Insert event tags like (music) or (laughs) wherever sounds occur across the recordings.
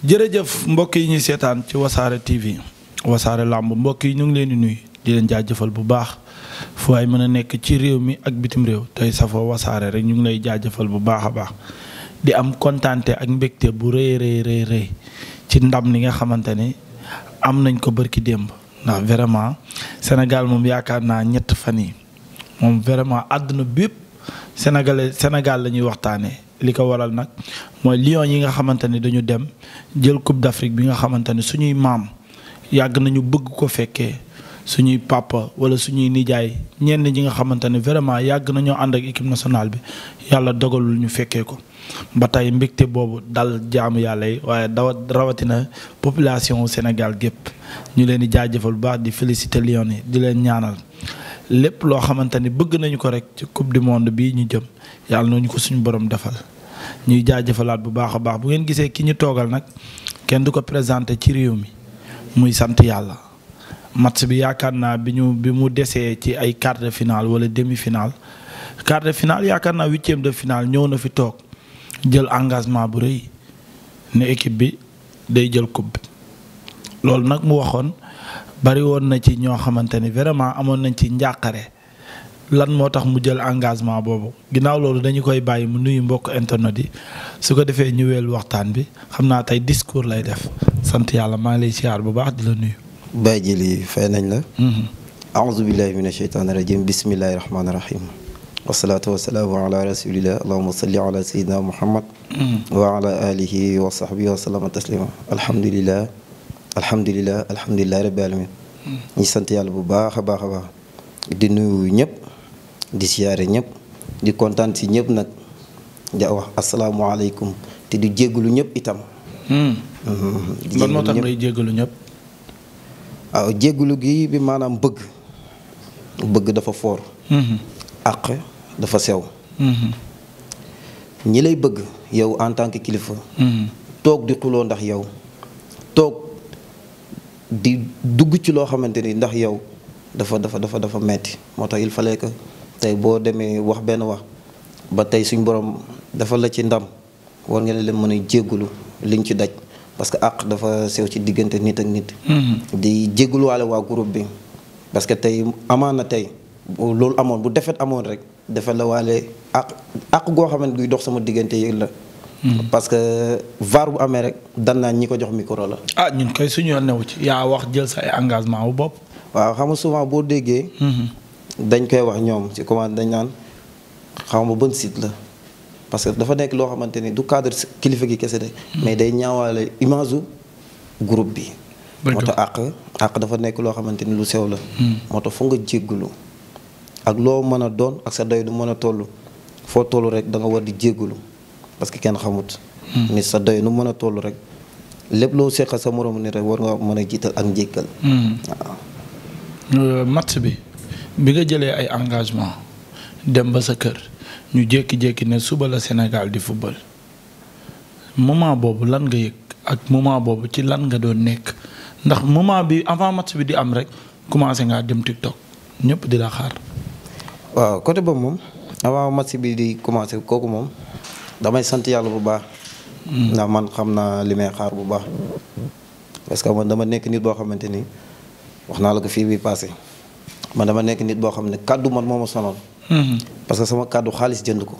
jërëjëf mbokk yi ñuy seetaan ci wasaare TV wasaare làmb mbokk yi ñu ngi leen di nuyu di leen jaajëfal bu baax fu ay mën a nekk ci réew mi ak bitim réew tey safoo wasaare rek ñu ngi lay jaajëfal bu baax a baax di am kontante ak mbégte bu rëy rëy rëy rëy ci ndam li nga xamante ne am nañ ko bërki démb ndax vraiment Sénégal moom yaakaar naa ñett fan yi moom vraiment àdduna bépp Sénégalais Sénégal la ñuy waxtaanee. li ko waral nag mooy Lions yi nga xamante ne dañu dem jël Coupe d'Afrique bi nga xamante ne suñuy maam yàgg nañu bëgg ko fekkee suñuy papa wala suñuy nijaay ñenn ñi nga xamante ne vraiment yàgg nañoo ànd ak équipe nationale bi yàlla dogalul ñu fekkee ko. ba tey mbégte boobu dal jaamu yàlla yi waaye dawa rawatina population Sénégal gépp ñu leen di jaajëfal bu di féliciter Lions yi di leen ñaanal. lépp loo xamante ni bëgg nañu ko rek ci coupe du monde bii ñu jëm yàlla nañu ko suñu borom defal ñuy jaajëfalaat bu baax a baax bu ngeen gisee ki ñu toogal nag kenn du ko présenté ci réew mi muy sant yàlla match bi yaakaar naa bi ñu bi mu desee ci ay quart de finale wala demi finale quart de finale yaakaar naa huitième de finale ñëw na fi toog jël engagement bu rëy ne équipe bi day jël coupe bi loolu nag mu waxoon bari woon na ci ñoo xamante ni vraiment amoon nañ ci njàqare lan moo tax mu jël engagement boobu ginnaaw loolu dañu koy bàyyi mu nuyu mbokk internet yi su ko defee ñu waxtaan bi xam naa tey discours lay def sant yàlla maa ngi lay siyaar bu baax di la nuyu. Baye Jili nañ la. Mhm. aouzu billahi mina shaytaani rajim bismillahi rahmaani rahim. wasalaatu wasalaamu ala rasulillah allahuma salli mhm. wa ala alihi wa sahbihi wa sallama taslima alhamdulilah alhamdulilah mhm. sant yàlla bu baax a baax a baax di nuyu ñëpp di siyaare ñëpp di kontaan si ñëpp nag di wax asalaamualeykum te di jéggalu ñëpp itam. Hmm. Mhm. di jéggalu ñëpp moo tax ngay jéggalu ñëpp. waaw jéggalu gi bi maanaam bëgg bëgg dafa foor. Hmm. àq dafa sew. Hmm. ñi lay bëgg yow en tant que kilifa. toog di xuloo ndax yow toog di dugg ci loo xamante ni ndax yow dafa dafa dafa dafa metti moo tax il fallait que tey boo demee wax benn wax ba tey suñ borom dafa la ci ndam war nga leen mën a jéggulu liñ ci daj parce que àq dafa sew ci diggante nit ak nit mm-hmm. di jégguluwaale waa groupe bi parce que tey amaan na tey loolu amoon bu defet amoon rek dafa la waale àq àq goo xamante guy dox sama diggante yi la mm-hmm. parce que vaar bu amee rek dan naa ñi ko jox micro la ah ñun koy suñu yoon newu ci yaa wax jël sa ay engagement wu bopp waaw xam boo déggee mm-hmm. dañ koy wax ñoom ci commande dañ naan xaw ma bën site la parce que dafa nekk loo xamante ni du cadre kilifa gi kese de. Hmm. mais day ñaawaale image groupe bi. moo tax àq àq dafa nekk loo xamante ni lu sew la. Hmm. moo tax fu nga jéggulu ak loo mën a doon ak sa doy du mën a toll foo toll rek da nga war di jéggulu parce que kenn xamut. Hmm. nit sa doy nu mën a toll rek lépp loo seqal sa moromu nit rek war nga mën a jiital ak njéggal. waaw. Euh, bi nga jëlee ay engagement dem ba sa kër ñu jékki-jékki ne suba la Sénégal di football moment boobu lan nga yëg ak moment boobu ci lan nga doon nekk ndax moment bi avant match bi di am rek commencé ngaa dem TikTok ñëpp di la xaar. waaw côté boobu moom avant match bi di commencé kooku moom damay sant yàlla bu baax. Hmm. ndax man xam naa li may xaar bu baax. parce que man dama nekk nit boo xamante ni wax naa la ko fii bi passé man dama nekk nit boo xam ne kàddu man moo ma sonal. Hmm. parce que sama kàddu xaalis jënd ko.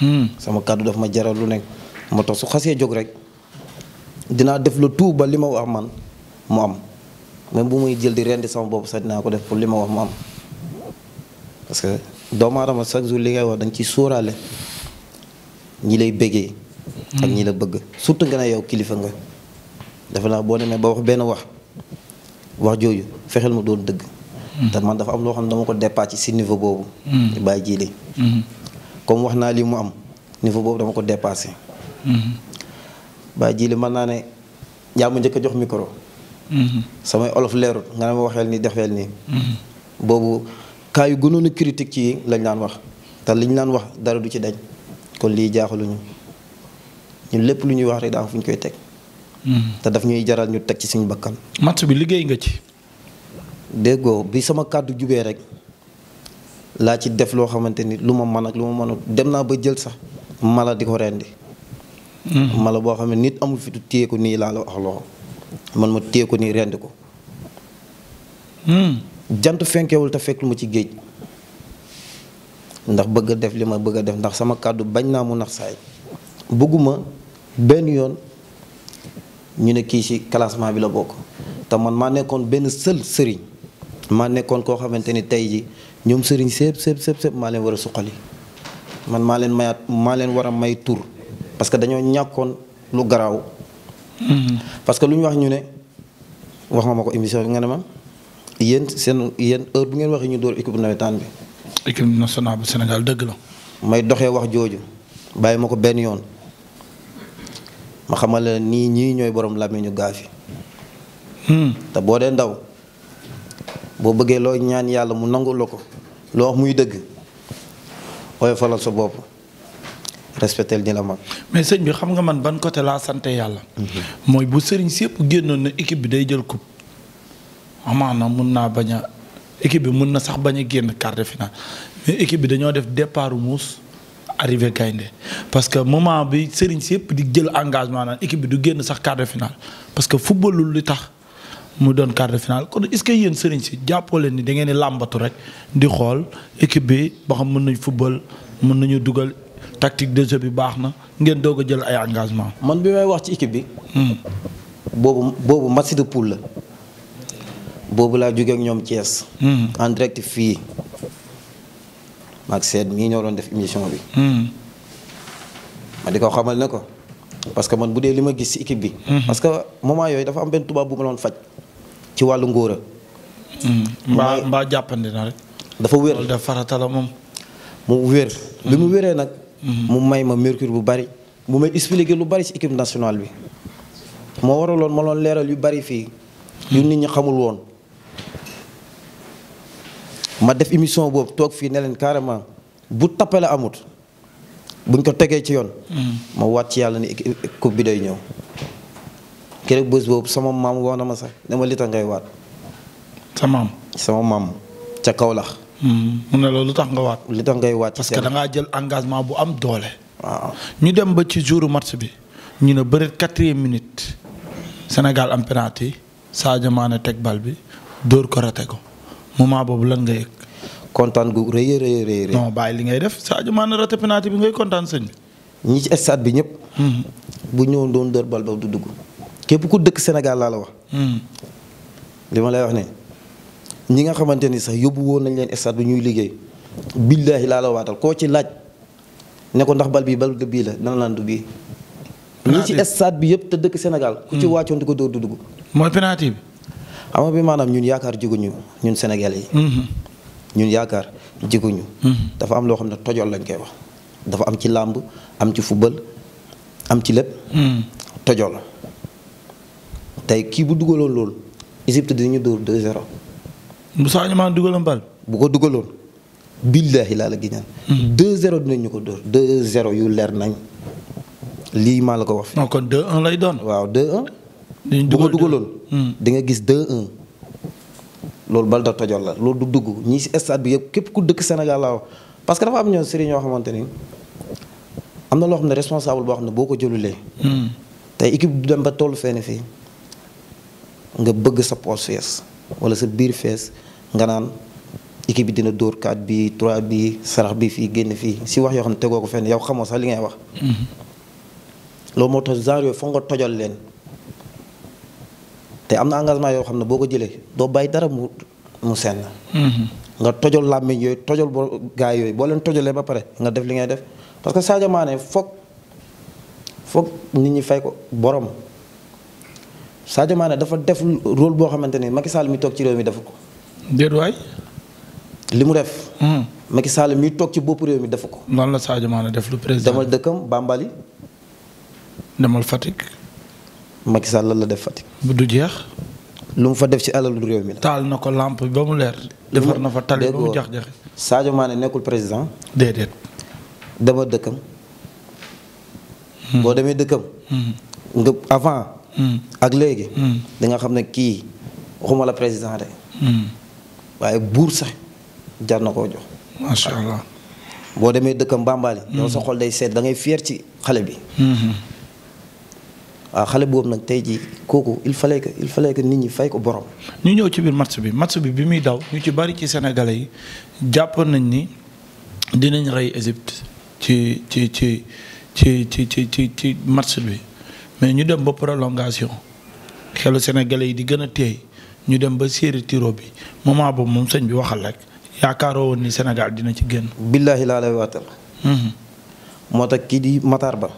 Hmm. sama kàddu daf ma jaral lu nekk moo tax su xasee jóg rek dinaa def le tout ba li ma wax man mu am même bu muy jël di rendi sama bopp sax dinaa ko def pour li ma wax mu am parce que doomu aadama chaque jour li ngay wax danga ciy sóoraale ñi lay béggee ak hmm. ñi la bëgg surtout nga ne yow kilifa nga. dafa naa boo demee ba wax benn wax wax jooju fexeel mu doon dëgg. te man dafa am loo xam ne dama ko dépassé ci niveau boobu. Mm-hmm. bàyyi jiili. Mm-hmm. comme wax naa lii mu am niveau boobu dama ko dépassé. Mm-hmm. bàyyi jiili mën naa ne yaa mu njëkk jox micro. samay olof leerul nga ne ma waxeel nii defeel nii. boobu cas yu gënoon critique ci lañ daan wax te liñ daan wax dara du ci dañ kon lii jaaxaluñu ñun lépp lu ñuy wax rek daa am ñu koy teg. te daf ñuy jaral ñu teg ci suñ bakkan. match bi liggéey nga ci. déggoo bi sama kàddu jubee rek laa ci def loo xamante ni lu ma mën ak lu ma mënut dem naa ba jël sax mala di ko rendi hmm. mala boo xam ne nit amul fitu téye ko nii laa la wax loo man ma téye ko nii rendi ko hmm. jant fenkewul te fekk lu ma ci géej ndax bëgg def li ma bëgg a def ndax sama kàddu bañ naa mu nax saay bëgguma benn yoon ñu ne kii ci classement bi la bokk te man maa nekkoon benn sël sëriñ maa nekkoon koo xamante ni tey ji ñoom sëriñ sépp sépp sépp sépp maa leen war a suqali man maa leen mayaat maa leen war a may tur parce que dañoo ñàkkoon lu garaaw mm-hmm. parce que lu ñu wax ñu ne wax nga ma ko émission bi nga ne ma yéen seen yéen heure bu ngeen waxee ñu dóor équipe nawetaan bi équipe nationale bu Sénégal dëgg la may doxe wax jooju bàyyi ma ko benn yoon ma xamal la nii ñii ñooy borom làmmiñu gaa fi mm-hmm. te boo dee ndaw boo bëggee loo ñaan yàlla mu nangu la ko loo wax muy dëgg ooy falal sa bopp respecté di la mag. mais sëñ bi xam nga man ban côté laa sant yàlla. Mhm. mooy bu sëriñ si yëpp génnoon na équipe bi day jël coupe amaana mun naa bañ a équipe bi mun na sax bañ génn quart de bi dañoo def départ muus arrivé gaynde parce que moment bi sëriñ si yëpp di jël engagement naan équipe bi du génn sax quart de finale parce que footballul tax. mu doon quart de finale kon est-ce que yéen sëriñ si jàppoo leen ni di làmbatu rek di xool équipe bi ba xam mën nañu football mën nañu dugal tactique de jeu bi baax na ngeen doog a jël ay engagement man bi may wax ci équipe bi. Hmm. boobu boobu match de poule la. boobu laa jógee ñoom cees hmm. en direct fii. maag seet mii ñoo doon def émission bi. Hmm. ma di ko xamal ne ko. parce que man bu dee li ma gis ci équipe bi. parce que moment yooyu dafa am benn tubaab bu ma doon ci wàllu ngóora. Hmm. mbaa mbaa jàppandi rek. dafa wér loolu dafa moom. mu wér. bi mu hmm. wéree nag. Hmm. mu may ma mercure bu bari mu may expliquer lu bari ci équipe nationale bi. moo waraloon ma loon leeral yu bari fii. yu nit ñi xamul woon. ma def émission boobu toog fii ne leen carrément bu tappale amut buñ ko tegee ci yoon. ma waat ci yàlla ni coupe bi day ñëw. keroog bés boobu sama maam wax na ma sax ne ma li tax ngay waat. sa maam. sama maam ca Kaolack. Hmm. mu ne loolu lu tax nga waat. li tax ngay waat parce que da ngaa jël engagement bu am doole. waaw ñu dem ba ci jouru match bi ñu ne bëreet quatrième minute Sénégal am penalty Sadio Mané teg bal bi dóor ko rate ko moment boobu lan nga yëg. kontaan gu rëy a rëy rëy. bàyyi li ngay def Sadio Mané rate penalty bi ngay kontaan sëñ ñi ci stade bi ñëpp. Hmm. bu ñëwoon doon dóor bal ba dugg. képp ku dëkk Sénégal laa la wax. Hmm. li ma lay wax ne ñi nga xamante ni sax yóbbu woon nañ leen stade bi ñuy liggéey billaahi laa la waatal koo ci laaj ne ko ndax bal bii bal bi la nan laan du bii. ñi ci stade bi yëpp te dëkk Sénégal. ku ci hmm. wàccoon di ko dóor du dugg. mooy penalty bi. xam nga bi maanaam ñun yaakaar jiguñu ñun Sénégalais yi. Hmm. ñun yaakaar jiguñu. dafa am loo xam ne tojol lañ koy wax. dafa am ci làmb am ci football am ci lépp. tojol tey kii bu dugaloon loolu Égypte dinañu dóor 2-0. Moussa Niamane dugaloon bal. bu ko dugaloon. billaahi laa la giñaan. 2-0 hmm. dinañu ko dóor 2-0 yu leer nañ. lii maa la ko wax. non kon 2-1 lay doon. waaw 2-1. Hmm. gis 2-1. loolu bal da tojol la loolu du dugg ñii si stade bi yëpp képp ku dëkk Sénégal laa wax parce que dafa am ñoo sëriñ xamante ni am na loo xam ne responsable boo xam ne boo ko jëlulee. Hmm. tey équipe du dem ba tollu fenn nga bëgg sa poche fees wala sa biir fees nga naan équipe bi dina dóor 4 bi 3 bi sarax bi fii génn fii si wax yoo xam ne tegoo ko fenn yow xamoo sax li ngay wax. Mhm. loolu moo tax genre yooyu foog nga tojal am na yoo xam ne boo ko jëlee doo bàyyi dara mu mu senn. Mhm. nga tojal làmmiñ yooyu tojal boo gaay yooyu boo leen tojalee ba pare nga def li ngay def parce que Sadio Mané foog foog nit ñi fay ko borom. Sadio Mané dafa def rôle boo xamante ne Macky Sall mi toog ci réew mi dafa ko. déet li mu def. Hmm. Macky Sall mi toog ci bopp réew mi dafa ko. lan la Sadio def lu président demal dëkkam Bambali. demal Fatick. la def Fatick. bu du lu mu fa def ci alalu mi la. na ko lampe mu leer. defar na fa tali ba mu nekkul président. déedéet. demal dëkkam. Hmm. boo demee dëkkam. Hmm. nga avant. ak léegi. di nga xam ne kii waxuma la président de. waaye buur sax jar na koo jox. macha allah boo demee dëkkam Bambali. yow sa mm. xol day seet da ngay fier ci xale bi. Mm-hmm. waaw xale boobu nag tey jii kooku il fallait que il fallait que nit ñi fay ko borom. ñu ñëw ci biir match bi match bi bi muy daw ñu ci bari ci sénégalais yi jàppoon nañ ni dinañ rey Égypte ci ci ci ci ci ci ci match bi. mais ñu dem ba prolongation xelu Sénégalais yi di gën a téey ñu dem ba série tiro bi moment boobu moom sëñ bi waxal rek yaakaaroo woon ni Sénégal dina ci génn. billaahi laa lay mhm. kii di Matar Ba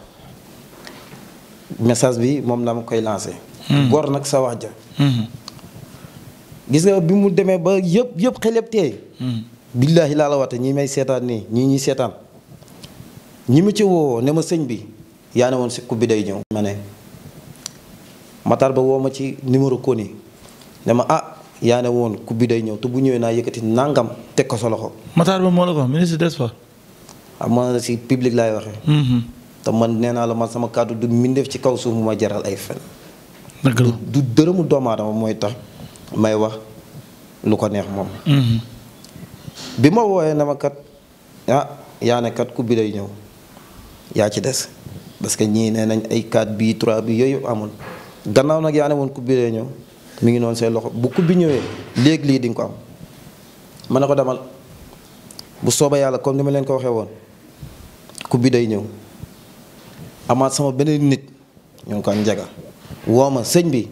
message bi moom la ma koy lancé. Mhm. nag sa wax ja mhm. gis nga bi demee ba yëpp yëpp xel yëpp teey billaahi laa la ñi may seetaan nii ñii ñuy seetaan ñi mu ci woo ne ma sëñ bi yaa ne woon si coupe bi day ñëw ma ne Matar ba woo ma ci numéro koni ne ma ah yaa ne woon coupe bi day ñëw te bu ñëwee naa yëkkati nangam teg ko sa loxo. Matar ba moo la ko wax ministre des sports. ah man si public laay waxee. Mm-hmm. te man nee naa la man sama kàddu du mbindeef ci kaw suuf mu ma jaral ay fen. du dërëmu doomu mooy tax may wax lu ko neex moom. Mm-hmm. bi ma wooyee na ma kat ah yaa ne kat coupe day ñëw yaa ci des parce que ñii nee nañ ay 4 bii 3 bii yooyu amul. gannaaw nag yaa ne woon coupe bi lay ñëw mi ngi noonu say loxo bu coupe ñëwee léegi lii di nga ko am mën na ko demal bu sooba yàlla comme ni ma leen ko waxee woon coupe bi day ñëw amaat sama beneen nit ñu ngi ko njega woo ma sëñ bi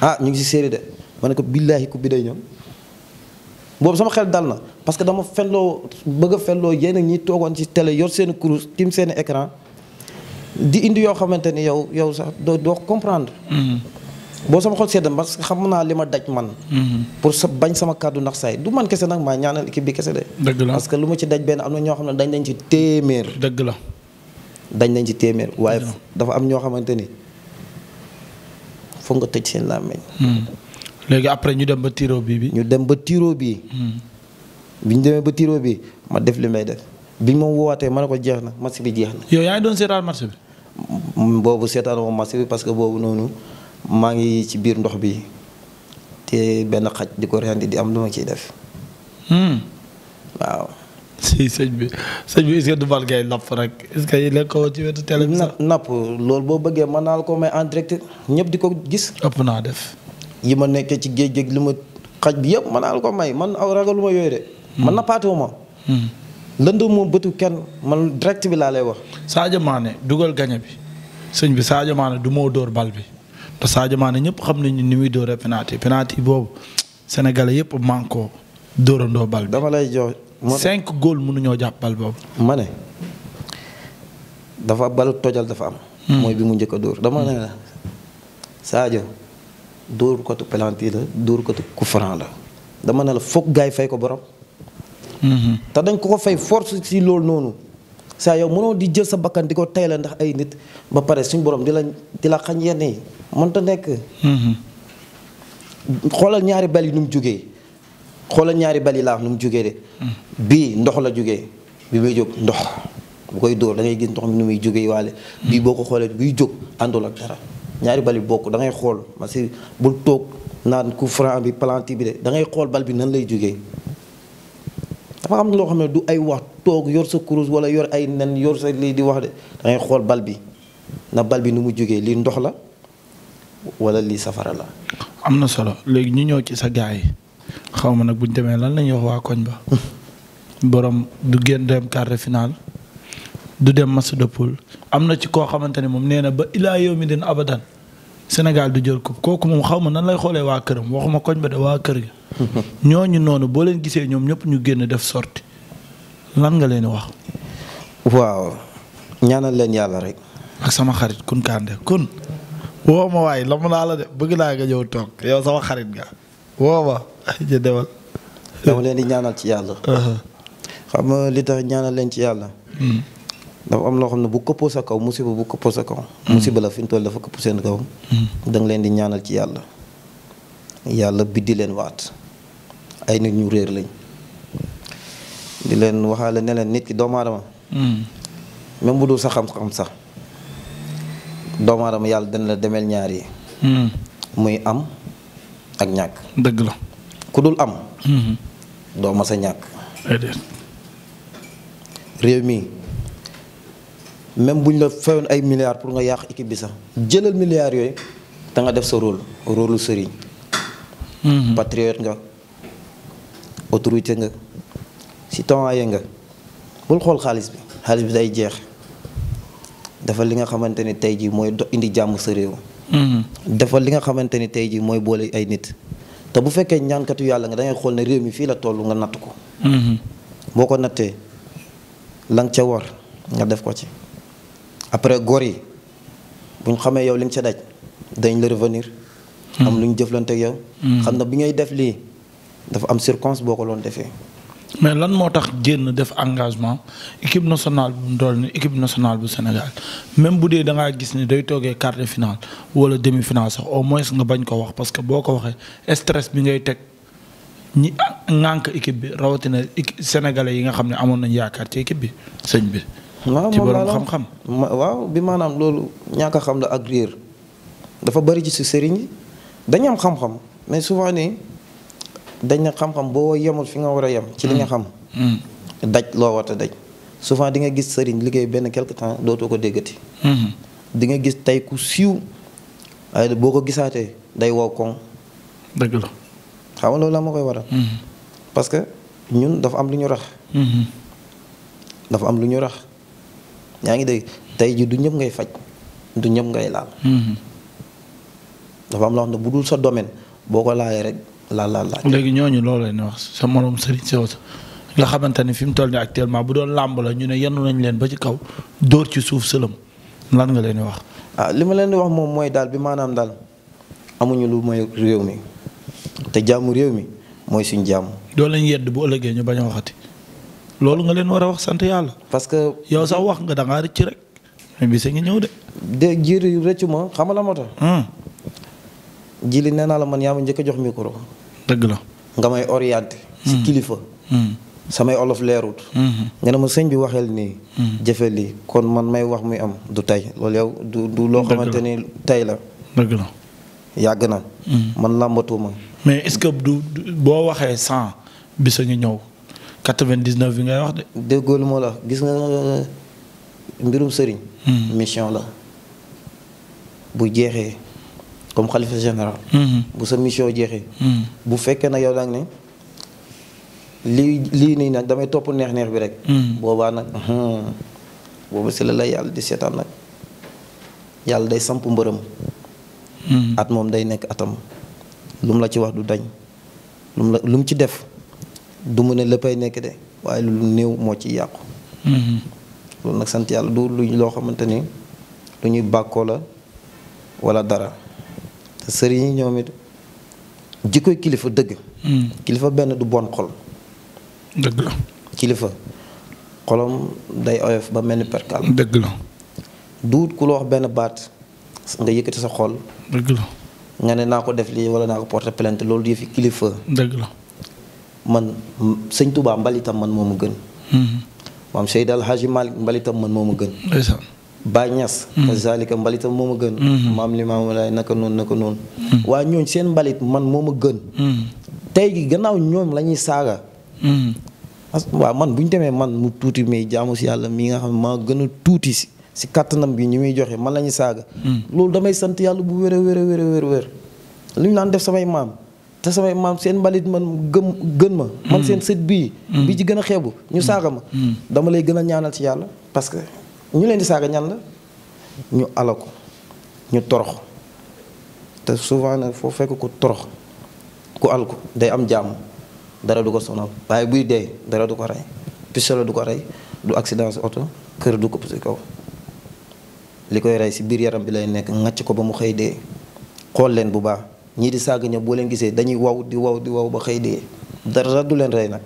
ah ñu ngi si série de ma ne ko billaahi coupe bi day ñëw boobu sama xel dal na parce que dama fenloo bëgg a fenloo yéen a ñi toogoon ci télé yor seen kurus tim seen écran di indi yoo xamante ni yow yow sax doo doo comprendre. Mm-hmm. boo sama xol sedd parce que xam naa li ma daj man. Mm-hmm. pour sa bañ sama kàddu ndax saay du man kese nag maa ñaanal kii bi kese de. dëgg la que lu ma ci daj benn am na ñoo xam ne dañ nañ ci téeméer. dëgg la. dañ nañ ci téeméer waaye dafa am ñoo xamante ni foog nga tëj seen làmmiñ. Mm-hmm. léegi après ñu dem ba tiro bii bi. ñu dem ba tiro bii. bi demee ba tiro bii ma def li may def. biñ ma woowaatee ma ne ko jeex na match bi jeex na. yow yaa ngi doon seetaan match bi. boobu seetaan moom bi parce que boobu noonu maa ngi ci biir ndox bi te benn xaj di ko rendi di am def. Hmm. waaw. si sëñ bi sëñ bi est-ce napp rek boo bëggee mën naa la ko may en direct ñëpp di ko gis. ëpp naa def. yi ma nekkee ci géej géej li ma xaj bi yëpp mën naa la ko may man aw ragalu ma yooyu de. man hmm. nappaatoo ma. Hmm. lënd moom bëtu kenn man direct bi laa lay wax. Sadio maane dugal gañe bi sëñ bi Sadio Mané du moo dóor bal bi te Sadio Mané ñëpp xam nañu ni muy dóoree penalty penalty boobu sénégalais yëpp manko dóorandoo bal bi. dama lay jox cinq góol mënuñoo jàpp bal boobu. dafa balu tojal dafa am. Hmm. mooy bi mu njëkk a dóor dama ne la Sadio dóor kotu penalty la dóor kotu coup franc la dama ne la foog gaay fay ko borom. Mm-hmm. te dañ ko ko fay force si loolu noonu saa yow mënoo di jël sa bakkan di ko tey la ndax ay nit ba pare suñ boroom di la di la xañ yenn yi mënta nekk mm-hmm. xoolal ñaari bal yi nu mu jógee xoolal ñaari bal yi laa nu mu jógee de mm-hmm. bii ndox la jógee bi muy jóg ndox bu koy dóor da ngay gis ndox mi nu muy jógee waale bii boo ko xoolee buy jóg àndul ak dara ñaari bal yi bokk da ngay xool parce que bul toog naan ku franc bi planti bi de da ngay xool bal bi nan lay jógee dafa xam loo xam ne du ay wax toog yor sa kurus wala yor ay nen yor sa lii di wax de da xool bal bi na bal bi nu mu jógee lii ndox la wala lii safara la. am na solo léegi ñu ñëw ci sa gaa yi xaw ma nag bu ñu demee lan la ñuy wax waa koñ ba. (laughs) borom du génn dem quart de finale du dem massa de poule am na ci koo xamante ne moom nee na ba ilaa yow mi din abadan Sénégal du jël ko kooku moom xaw ma nan lay xoolee waa këram waxuma koñ ba de waa kër gi. (laughs) ñooñu noonu boo leen gisee ñoom ñëpp ñu génn def sorti lan nga leen wax. waaw ñaanal leen yàlla rek. ak sama xarit kun Kande kun woo ma waay la mu la de bëgg naa nga ñëw toog yow sama xarit nga woo ma (laughs) leen di ñaanal ci yàlla. Uh-huh. xam li tax ñaanal leen ci yàlla. Hmm. dafa am ne bu këppoo sa kaw musiba bu këppoo hmm. la fi mu toll dafa seen kaw. Hmm. da leen di ñaanal ci yàlla. yàlla biddi leen waat. ay nit ñu réer lañ di leen waxaale ne leen nit ki doomu aadama hmm. bu dul sa xam-xam sax doomu aadama yàlla dana la demel ñaar yi hmm. muy am ak ñàkk dëgg la ku dul am hmm. doo mas ñàkk réew mi même bu ñu la fayoon ay milliards pour nga yàq équipe bi sax jëlal milliards yooyu da nga def sa rôle rôle sëriñ patriote nga autorité nga citoyen nga bul xool xaalis bi xaalis bi day jeex dafa li nga xamante ni tey ji mooy indi jàmm sa réew. Mm-hmm. dafa li nga xamante ni tey ji mooy boole ay nit. te bu fekkee ñaankatu yàlla nga da ngay xool ne réew mi fii la toll nga natt ko. Mm-hmm. boo ko nattee la ca war nga def ko ci. après góor yi buñ xamee yow li ca daj dañ la revenir. Mm-hmm. am lu ñu jëflante ak xam na bi ngay def lii. dafa am circonstance boo ko doon defee. mais lan moo tax génn def engagement équipe nationale bu mu dool ni équipe nationale bu Sénégal même bu dee da gis ni day toogee quart de finale wala demi finale sax au moins nga bañ ko wax parce que boo ko waxee stress bi ngay teg ñi ŋànk équipe bi rawatina sénégalais yi nga xam ne amoon nañ yaakaar ci équipe bi sëñ bi. ci borom xam-xam waaw bi maanaam loolu ñaaka xam la ak réer dafa bari ci si sëriñ yi dañu dañ na xam-xam boo yemul fi nga war a yem. ci li nga mm. xam. Mm. daj loo war a daj souvent di nga gis sëriñ liggéey benn quelque temps dootoo ko déggati. Mm-hmm. di nga gis tey ku siiw ay boo ko gisaatee day wow koŋ. dëgg la. xam nga loolu la ma koy waral. Mm-hmm. parce que ñun dafa am lu ñu rax. Mm-hmm. dafa am lu ñu rax yaa ngi dégg tey ji du ñëpp ngay faj du ñëpp ngay laal. dafa am loo xam ne bu dul sa domaine boo ko laajee rek. la la la. léegi ñooñu loolu leen ñuy wax sa morom Serigne Sow nga xamante ni fi mu toll nii bu doon làmb la ñu ne yenn nañ leen ba ci kaw dóor ci suuf sëlëm lan nga leen di wax. ah li ma leen di wax moom mooy daal bi maanaam daal amuñu lu mooy réew mi te jàmmu réew mi mooy suñ jàmm. doo leen yedd bu ëllëgee ñu bañ a waxati loolu nga leen war a wax sant yàlla. parce que yow sax wax nga da ngaa rëcc rek mais bi sa ngi ñëw de. de jiir rëccu ma xamala moo tax. Hmm. jili nee naa la man yaa ma njëkk a jox micro. dëgg la nga may orienté. si mm. kilifa. Mm. samay olof leerut. Mm-hmm. nga ne ma sëñ bi waxeel nii. Mm-hmm. jëfe lii kon man may wax muy am du tey loolu yow du du loo xamante ni tey la. dëgg la. yàgg na. Mm-hmm. man làmbatuma mais est-ce que du boo waxee cent bi sañu ñëw quatre-vingt-dix-neuf bi ngay wax de. déggoo lu ma la gis nga mbirum sëriñ. mission la bu jeexee. comme xalifa général. Mm-hmm. bu sa mission jeexee. Mm-hmm. bu fekkee nag yow da ne lii lii nii nag damay topp neex neex bi rek. Mm-hmm. boobaa nag boobu si la la yàlla di seetaan nag yàlla day samp mbërëm. at moom day nekk atam lu la ci wax du dañ lum la lu ci def du mu ne léppay nekk de waaye lu néew moo ci yàqu. loolu nag sant yàlla du lu loo xamante ni lu ñuy bàkkoo la wala dara. te sëriñ yi ñoom it jikkoy kilifa dëgg. Hmm. kilifa benn du bon xol. dëgg la kilifa xolom day oyof ba mel ni perkal. dëgg la. duut ku la wax benn baat nga yëkkati sa xol. dëgg la. nga ne naa ko def lii wala naa ko porter plainte loolu yëfi kilifa. dëgg la. man sëñ Touba mbalitam man moomu gën. Hmm. maam Seydi El Hadji Malick mbalitam man moomu gën. Baay Ñas mm-hmm. kazalika mbalitam moom a gën mm-hmm. maam Limaamu Laay naka noonu naka noonu mm-hmm. waa ñooñ seen mbalit man moo a gën tey gi gannaaw ñoom la ñuy saaga waaw man bu ñu demee man mu tuuti mais jaamu si yàlla mi nga xam ne maa gën a tuuti si si kattanam bi ñu muy joxe man la ñuy saaga loolu damay sant yàlla bu wér a wér a wér a wér lu ñu naan def samay maam te samay maam seen mbalit man gëm gën ma man seen sët bii bi ci gën a xeebu ñu saaga ma dama lay gën a ñaanal si ñu leen di saaga ñan la ñu ko ñu torox te souvent nag foo fekk ku torox ku alko day am jàmm dara du ko sono waaye buy dee dara du ko rey pistolet du ko rey du accident si oto kër du ko si kaw li koy rey si biir yaram bi lay nekk ngacc ko ba mu xëy dee xool leen bu baax ñii di saaga ña boo leen gisee dañuy wow di waw di wow ba xëy dee dara du leen rey nag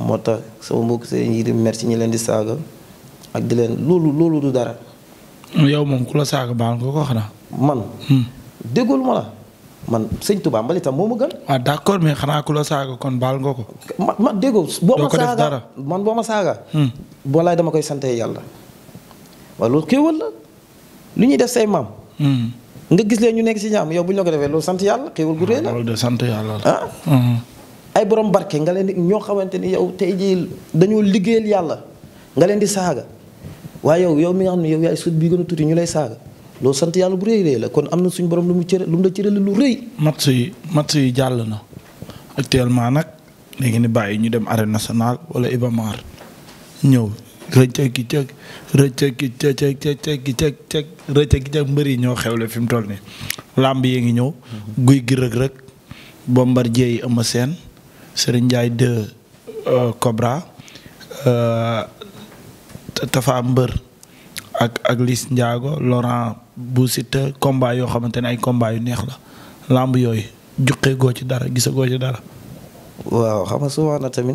moo tax sama mbokk sëriñ yi di merci ñi leen di saaga ak di leen loolu loolu du dara. yow moom ku la saaga baal nga ko xanaa. man. Hmm. déggul ma la man sëñ Touba Mbalitam moo ma gën. waaw ah, d' accord xanaa ku la saaga kon baal nga ko. ma ma déggoo. boo ma saaga man boo ma saaga. Hmm. boolaay dama koy sante yàlla. waaw loolu xéewal la lu ñuy def say maam. Hmm. nga gis leen ñu nekk si ñaam yow bu ñu la ko defee loolu sant yàlla xéewal gu rëy la. Ah, loolu de sant yàlla ah. ay borom barke nga leen ñoo xamante ni yow tey jii dañoo liggéeyal yàlla nga leen di saaga. waaye yow yow mi nga xam ne yow yaay sët bi gën a tuuti ñu lay saaga loolu sant yàlla bu rëy rëy la kon am na suñu borom lu mu cëre lu mu la cërale lu rëy. match yi match yi jàll na actuellement nag léegi ni bàyyi ñu dem arène nationale wala Ibamar ñëw rëccëg ki rëccëg cëg cëg cëg rëccëg cëg mbër yi ñoo xewle fi mu toll nii làmb yi ngi ñëw. Mm-hmm. guy gi rëg rëg Bombardier yi Eumeu Sène Serigne Ndiaye 2 euh, Cobra. Euh, Tafa Mbër ak ak Liss Ndiago Laurent bu Siteu combat yoo xamante ne ay combat yu neex la làmb yooyu juqee goo ci dara gisa goo ci dara. waaw xam nga souvent na tamit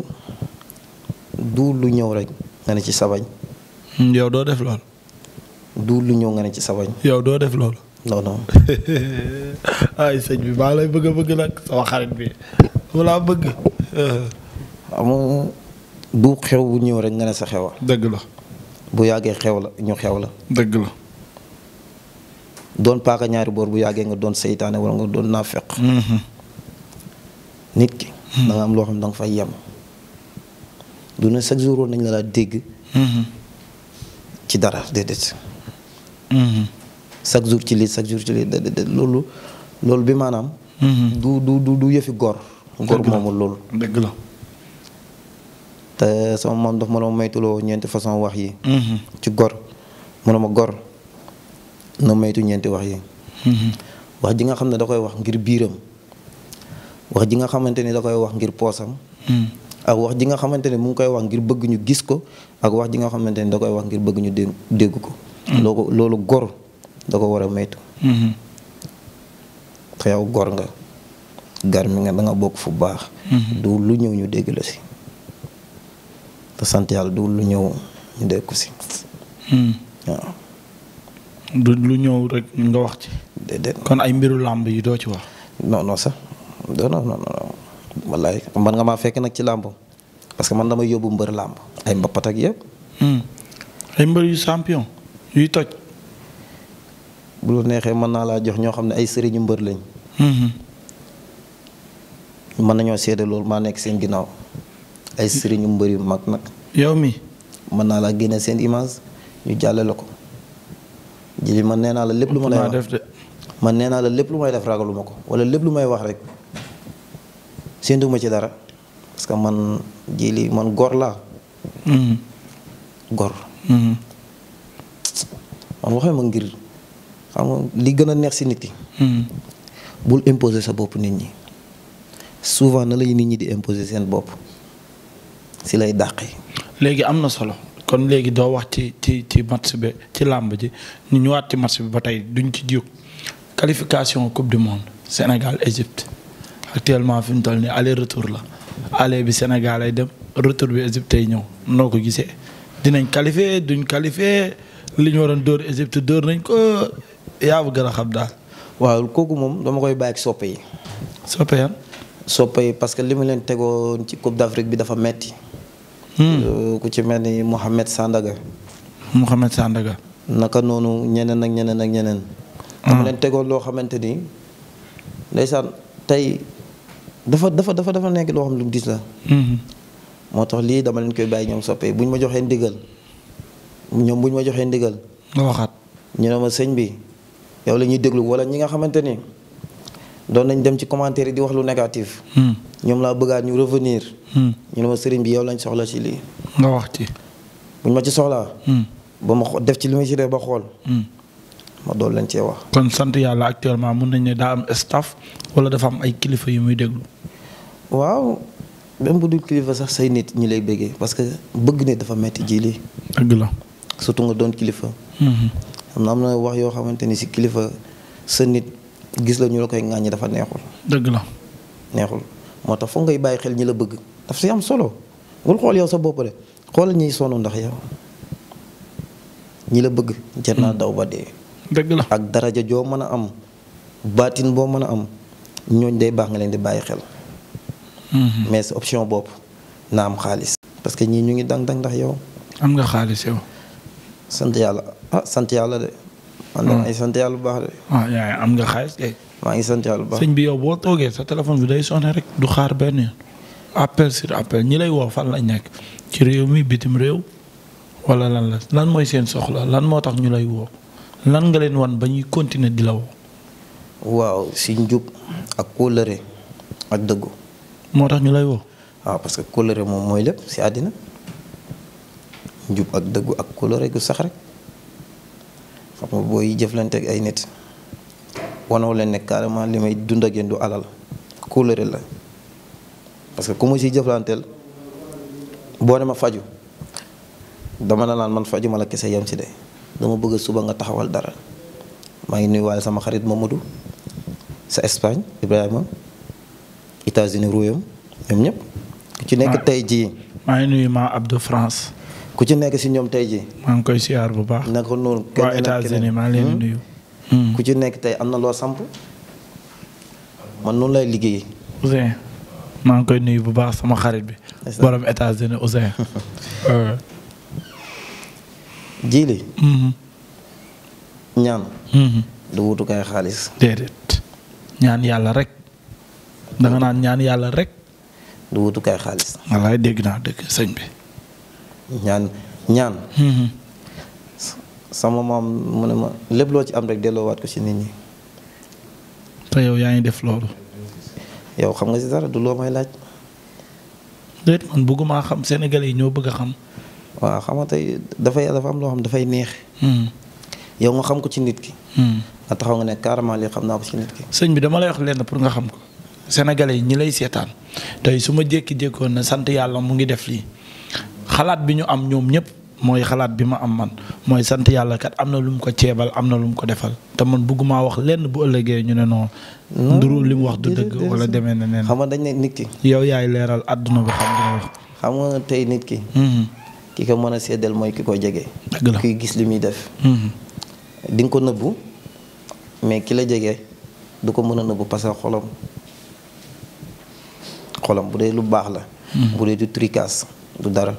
du lu ñëw rek nga ne ci sabañ. Hmm, yow doo def lool. du lu ñëw nga ne ci sabañ. yow doo def lool. non non. (laughs) ay sëñ bi maa lay bëgg a bëgg nag sama xarit bi wala bëgg. xam du xew bu ñëw rek nga ne sa xewa. dëgg la. bu yàggee xew la ñu xew la. dëgg la. doon paaka ñaari boor bu yàggee nga doon seytaane wala nga doon naafeq. Mm-hmm. nit ki. Mm-hmm. da am loo xam ne da nga yem. du ne chaque jour nañ laa dégg. Mm-hmm. ci dara déedéet. chaque jour ci lii chaque jour ci lii loolu loolu bi maanaam. du du du yëfi góor. góor moomul loolu te sama maam daf mënoo moytuloo ñeenti façon wax yi. Mm-hmm. ci gor ma gor na moytu ñeenti wax yi. Mm-hmm. wax ji nga xam ne da koy wax ngir biiram wax ji nga xamante ni da koy wax ngir poosam. Mm-hmm. ak wax ji nga xamante ne mu ngi koy wax ngir bëgg ñu gis ko ak wax ji nga xamante ne da koy wax ngir bëgg ñu dé dégg ko. loolu loolu gor da ko war a moytu. te yow gor nga. gar mi nga da nga bokk fu baax. lu ñëw ñu dégg la si. te sant yàlla du lu ñëw ñu dégg ko hmm. waaw. du lu ñëw rek nga wax ci. déedéet kon ay mbiru làmb yi doo ci wax. non non sax non non non wallaay man nga maa nag ci làmb parce que man damay yóbbu mbër làmb ay mbappat ak yëpp. Hmm. mbër yu champion yuy toj. bu neexee mën naa laa jox ñoo xam ne ay sëriñu mbër lañ. Hmm. mën nañoo seede loolu maa nekk seen ginnaaw. ay sëriñu mbëri yu mag nag. yow mi mën naa laa génne seen image ñu jàllale ko jëli man nee naa la lépp lu ma lay wax man nee naa la lépp lu may def ragalu ma ko wala lépp lu may wax rek séntu ma ci dara parce que man li man gor laa. Mm-hmm. gor. Mm-hmm. man waxee ma ngir xam nga li gën a neex si nit yi. Mm-hmm. bul imposer sa bopp nit ñi souvent na lay nit ñi di imposer seen bopp. si lay dàqi. léegi am na solo kon léegi doo wax ci ci ci match bi ci làmb ji ñu ñëwaat ci match bi ba tey duñ ci jóg qualification coupe du monde Sénégal Égypte actuellement fi mu toll nii aller retour la aller bi Sénégal ay dem retour bi Égypte tey ñëw noo ko gisee dinañ qualifié duñ qualifié li ñu waroon dóor Égypte dóor nañ ko yaa bu gën a xam daal. waaw kooku moom dama koy bàyyi ak soppe yi. soppe yan. soppe yi parce que li ma leen tegoon ci coupe d'Afrique bi dafa metti Hmm. ku ci mel ni Mouhamed Sandaga. Mouhamed Sandaga. naka noonu ñeneen ak ñeneen ak ñeneen. Ah. dama leen tegoon loo xamante ni ndeysaan tey dafa dafa dafa dafa nekk loo xam lu diis la. Hmm. moo tax lii dama leen koy bàyyi ñoom soppee bu ñu ma joxee ndigal ñoom bu ñu ma joxee ndigal. nga waxaat ñu ne ma sëñ bi yow la ñuy déglu wala ñi nga xamante ni. doon nañ dem ci commentaire yi di wax lu négatif. Hmm. ñoom laa bëggaat ñu revenir. Hmm. ñu ne a sëriñ bi yow lañ soxla ci lii. nga wax ci. buñ ma ci soxlaa. Hmm. ba ma def ci li ma ba xool. ma doon lañ cee wax. kon sant yàlla actuellement mun nañ ne daa am staff wala dafa ay kilifa yu muy déglu. waaw même bu dul kilifa sax sa nit ñi lay bëggee parce que bëgg nit dafa metti ji lii. dëgg la. surtout nga doon kilifa. am na am na wax yoo xamante ni si kilifa sa nit. gis la ñu la koy ŋàññi dafa neexul. dëgg la. neexul moo tax foog ngay bàyyi xel ñi la bëgg daf si am solo bul xool yow sa bopp de xoolal ñiy sonn ndax yow ñi la bëgg. jar naa hmm. daw ba dee. dëgg la ak daraja joo mën a am baatin boo mën a am ñooñ day baax nga leen di bàyyi xel. Hmm. mais sa option bopp na am xaalis. parce que ñii ñu ngi dang dang ndax yow. am nga xaalis yow. sant yàlla ah sant yàlla de. man maa bu baax de. waaw yaa am nga xaalis de. maa ngi sant yàlla bu ah, eh. bi yow boo toogee sa téléphone bi day sonné rek du xaar benn yoon appel sur appel ñi lay woo fan lañ nekk ci réew mii bitim réew wala lan la lan mooy seen soxla lan moo tax ñu lay woo lan nga leen wan ba ñuy continuer di la woo. waaw si njub ak kóllëre ak dëggu. moo tax ñu lay woo. waaw ah, parce que kóllëre moom mooy lépp si àddina njub ak dëggu ak kóllëre gu sax rek. xam nga booy jëflante ay nit wanoo leen ne carrément li may dund génn du alal kóllëre la parce que ku ma siy jëflanteel boo ne ma faju dama na naan man faju ma la kese yem si de dama bëgg suba nga taxawal dara maa ngi nuyuwaale sama xarit Mamadou sa Espagne Ibrahima États-Unis royaume ñoom ñëpp. ci nekk tey jii. maa ngi nuyu ma Abdou France. ku ci nekk ci ñoom tey ji maa ngi koy siyaar bu baax. na ko noonu waa États-Unis maa ngi leen nuyu. Hmm? Hmm. ku ci nekk tey am na loo samp man lay liggéey. Ousseyn maa ngi koy nuyu bu baax sama xarit bi. borom États-Unis Ousseyn. (laughs) Euh. jiili. Mm-hmm. ñaan. Mm-hmm. du wutukaay xaalis. déedéet ñaan yàlla rek. danga naan ñaan yàlla rek. du wutukaay xaalis. wallaay dégg naa dëgg sëñ bi. ñaan ñaan mm-hmm. sama maam mu ne ma lépp loo ci am rek delloowaat ko ci nit ñi te yow yaa ngi def loolu yow xam nga ci dara du loo may laaj déet man bëgguma xam Sénégalais yi ñoo bëgg a xam waaw xam nga tey dafay dafa am loo xam dafay neex mm-hmm. yow nga xam ko ci nit ki mm-hmm. nga taxaw nga ne carrément lii xam naa ko ci nit ki sëñ bi dama lay wax lenn pour nga xam ko Sénégalais yi ñi lay seetaan tey su ma jékki-jékkoon na sant yàlla mu ngi def lii xalaat bi ñu am ñoom ñëpp mooy xalaat bi ma am man mooy sant yàlla kat am na lu mu ko ceebal am na lu ko defal te man bëgguma wax lenn bu ëllëgee ñu ne noonu. nduru li mu wax du dëgg wala deme na neen xam nga dañ ne nit ki. yow yaay leeral àdduna bi xam nga tey nit ki. Mm-hmm. ki ko mën a seddal mooy ki ko jege. dëgg la kuy gis li muy def. Mm-hmm. di ko nëbbu mais ki la jege du ko mën a nëbbu parce que xolam xolam bu dee lu baax la. Mm-hmm. bu dee du tricas du dara.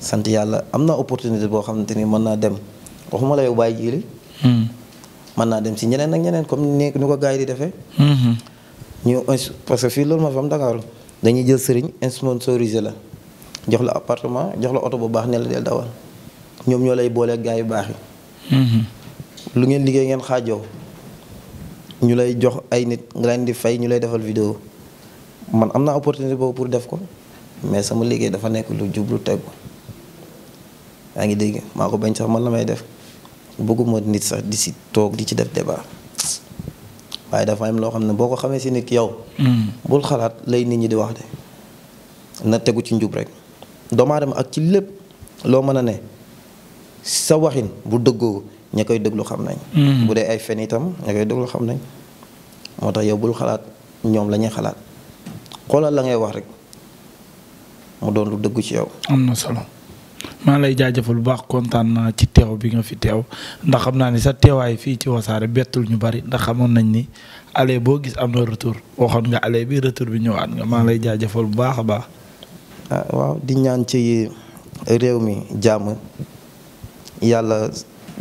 sant yàlla am naa opportunité boo xamante ni mën naa dem waxuma la yow bàyyi jiili. Hmm. mën naa dem si ñeneen ak ñeneen comme ni ñu ko gars yi di defee. Hmm. ñu parce fii loolu ma fa am Dakar dañuy jël sëriñ sponsorisé la jox la apartement jox la oto bu baax ne la del dawal ñoom ñoo lay booleeg gars yu baax yi. Hmm. lu ngeen liggéey ngeen xaajoo ñu lay jox ay nit nga leen di fay ñu lay defal vidéo man am naa opportunité boobu pour def ko mais sama liggéey dafa nekk lu jublu tegu. yaa ngi dégg maa ko bañ sax man la may def bëgguma nit sax di si toog di ci def débat waaye dafa am loo xam ne boo ko xamee si nit yow. Mm. bul xalaat lay nit ñi di wax de na tegu ci njub rek doomu aadama ak ci lépp loo mën a ne sa waxin bu dëggoo ña koy déglu xam nañ. Mm. bu dee ay fen itam ña koy déglu xam nañ moo tax yow bul xalaat ñoom lañuy ñuy xalaat xoolal la ngay wax rek mu doon lu dëggu ci yow. am na solo. maa lay jaajëfal bu baax kontaan naa ci teew bi nga fi teew ndax xam naa ni sa teewaay fii ci wasaare bettul ñu bari ndax xamoon nañ ni ale boo gis am na retour waxoon nga aller bi retour bi ñëwaat nga maa lay jaajëfal bu baax a baax. Ah, waaw di ñaan ci réew mi jàmm yàlla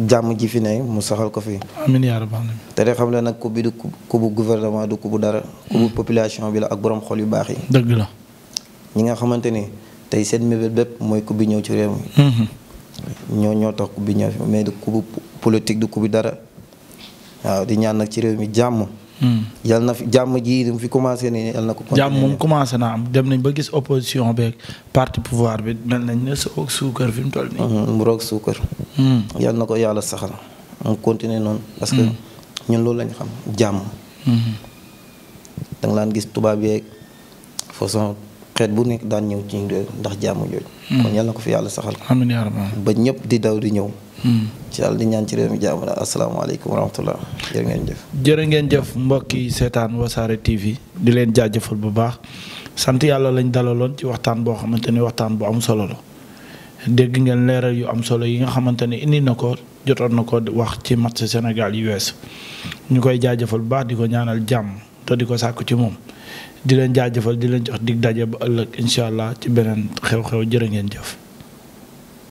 jàmm ji fi ne mu saxal ko fi. amiin yaa rabbal aalamiin. te de xam ne nag ku bi du ku bu gouvernement du ku bu dara. ku population bi la ak borom xol yu baax yi. dëgg la ñi nga xamante tey seen mébét bépp mooy coupe ñëw ci réew mi. Mm-hmm. ñoo ñoo tax coupe bi ñëw fi mais du coupe politique du coupe bi dara waaw di ñaan nag ci réew mi jàmm. Mm. yal na fi jàmm ji mu fi commencé ne yal na ko. jàmm moom commencé naa dem nañ ba gis opposition beeg parti pouvoir bi mel nañ roog suukar fi mu toll nii. Mm-hmm, mu suukar. Mm. yal na ko yàlla saxal mu continuer noonu. parce que mm. ñun loolu lañ xam jàmm. Mm-hmm. da nga laan gis tubaab yeeg façon. xeet bu nekk daan ñëw ci réew ndax jaamu jooj hmm. kon yàlla na ko fi yàlla saxal ba ñëpp di daw di ñëw hmm. ci yàlla di ñaan ci réew mi jaamu daal asalaamaaleykum wa rahmatullah jërë ngeen jëf jërë mbokk yi seetaan wasaare TV di leen jaajëfal bu baax sant yàlla lañ dalaloon ci waxtaan boo xamante ni waxtaan bu am solo la dégg ngeen leeral yu am solo yi nga xamante ne indi na ko jotoon na ko wax ci mat match Sénégal US ñu koy jaajëfal bu baax di ko ñaanal jàmm te di ko sàkku ci moom di leen jaajëfal di leen jox dig daje ba ëllëg incha allah ci beneen xew-xew jërë ngeen jëf.